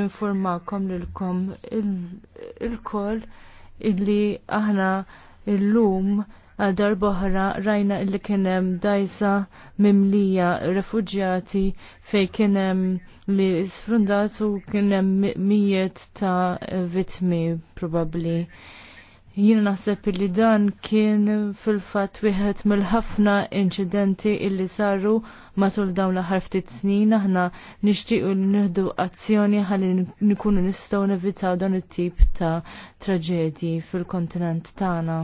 ninformakom lilkom il-koll illi aħna illum għal darboħra rajna illi kienem dajsa mimlija refugjati fej kienem li sfrundatu kienem mijiet ta' vitmi probabli. Jien naħseb li dan kien fil-fatt wieħed mill-ħafna inċidenti illi saru matul dawn l-aħħar ftit snin aħna nixtiequ li nieħdu azzjoni ħalli nkunu nistgħu nevitaw dan it-tip ta' traġedji fil-kontinent tagħna.